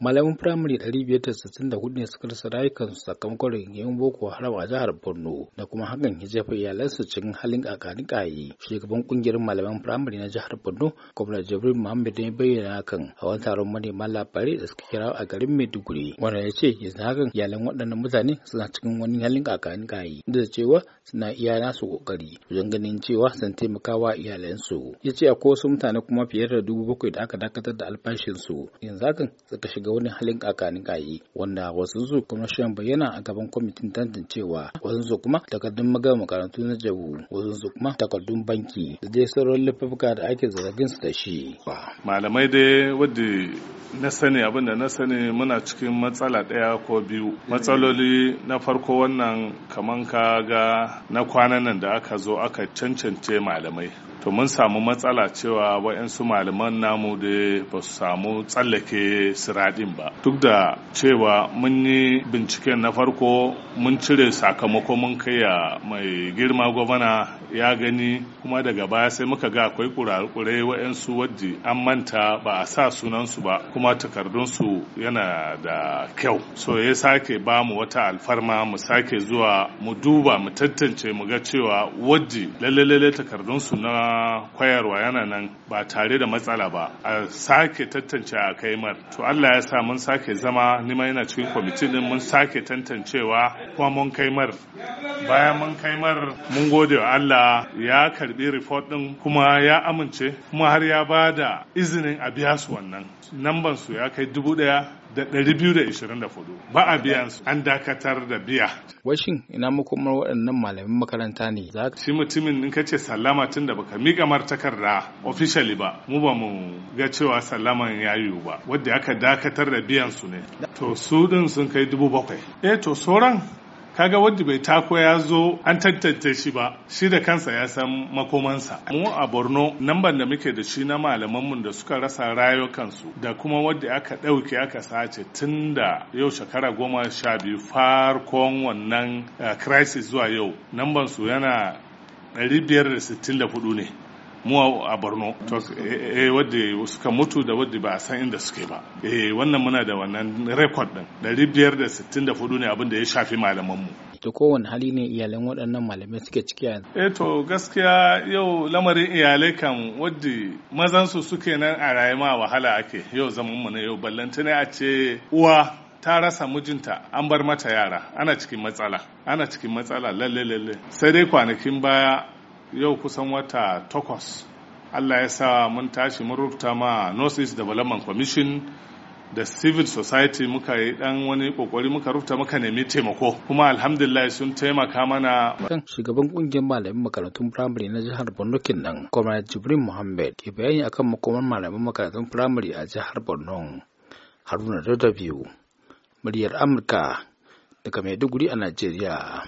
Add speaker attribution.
Speaker 1: malaman firamare 564 ne suka rasa rayukansu sakamakon rigingimin boko haram a jihar borno da kuma hakan ya jefa iyalansu cikin halin kakanikaye shugaban kungiyar malaman firamare na jihar borno gwamnan jibril muhammad ne bayyana hakan a wani taron manema labarai da suka kira a garin maiduguri wanda ya ce yanzu hakan iyalan waɗannan mutane suna cikin wani halin kakanikaye da cewa suna iya nasu kokari wajen ganin cewa sun wa iyalansu ya ce akwai wasu mutane kuma fiye da dubu bakwai da aka dakatar da albashinsu yanzu hakan suka shiga shiga wani halin kakanin kayi wanda wasu su kuma shan bayyana a gaban kwamitin tantancewa wasu su kuma takardun magana makarantu na jabu wasu su kuma takardun banki da dai sauran lafafuka da ake zargin su da shi
Speaker 2: malamai dai wadda na sani abin na sani muna cikin matsala ɗaya ko biyu matsaloli na farko wannan kaman ka ga na kwanan nan da aka zo aka cancance malamai to mun samu matsala cewa waɗansu malaman namu da ba su samu tsallake siraɗin ba duk da cewa mun yi binciken na farko mun cire sakamako mun kai ya mai girma gwamna ya gani kuma daga baya sai muka ga akwai kurakurai waɗansu wadda an manta ba a sa sunansu ba kuma takardunsu yana da kyau so ya sake ba mu wata alfarma mu sake zuwa mu duba mu tantance mu ga cewa wadda lalle takardunsu na koyarwa yana nan ba tare da matsala ba a sake tantance a kaimar to Allah ya sa mun sake zama nima yana cikin kwamitin din mun sake tantancewa kuma mun kai mar bayan mun kai mun gode wa Allah ya karbi report din kuma ya amince kuma har ya ba da izinin a biya su wannan namban su ya kai dubu daya da 224 ba a biyan su an dakatar da biya
Speaker 1: washin ina makomar waɗannan
Speaker 2: malamin makaranta ne shi mutumin in ka ce sallama tun da baka miƙa martakarda da officially ba mu ba mu ga cewa sallaman ya yiwu ba wadda aka dakatar da biyan su ne to su din sun kai dubu bakwai eh to sauran kaga wanda bai tako ya zo an tantance shi ba shi da kansa ya san makomansa mu a borno namban da muke da shi na malamanmu da suka rasa rayukansu da kuma wanda aka ɗauke aka sace tun da yau shekara goma sha biyu farkon wannan eh, crisis zuwa yau namban su yana 564 ne mu a borno To eh, eh, wadda suka mutu da wadda ba a san inda suke ba eh, wannan muna da wannan rekod din 564 ne abin da ya shafi malamanmu
Speaker 1: to kowane hali ne iyalan waɗannan malamai suke ciki a yanzu
Speaker 2: eh to gaskiya yau lamarin iyalai kan wadda mazansu suke nan a rayuwa wahala ake yau zaman mu na yau ne a ce uwa ta rasa mijinta an bar mata yara ana cikin matsala ana cikin matsala lalle lalle sai dai kwanakin baya yau kusan wata takwas allah ya sa mun tashi mun rubuta ma nurses development commission da civil society muka yi dan wani kokori muka rubuta muka nemi taimako kuma alhamdulillah sun taimaka
Speaker 1: mana kan shugaban kungiyar malamin makarantun firamare na jihar Borno kenan Comrade Jibrin muhammed ke bayani akan makoman malamin makarantun firamare a jihar Borno Haruna Dadabiyu muryar Amurka daga Maiduguri a Najeriya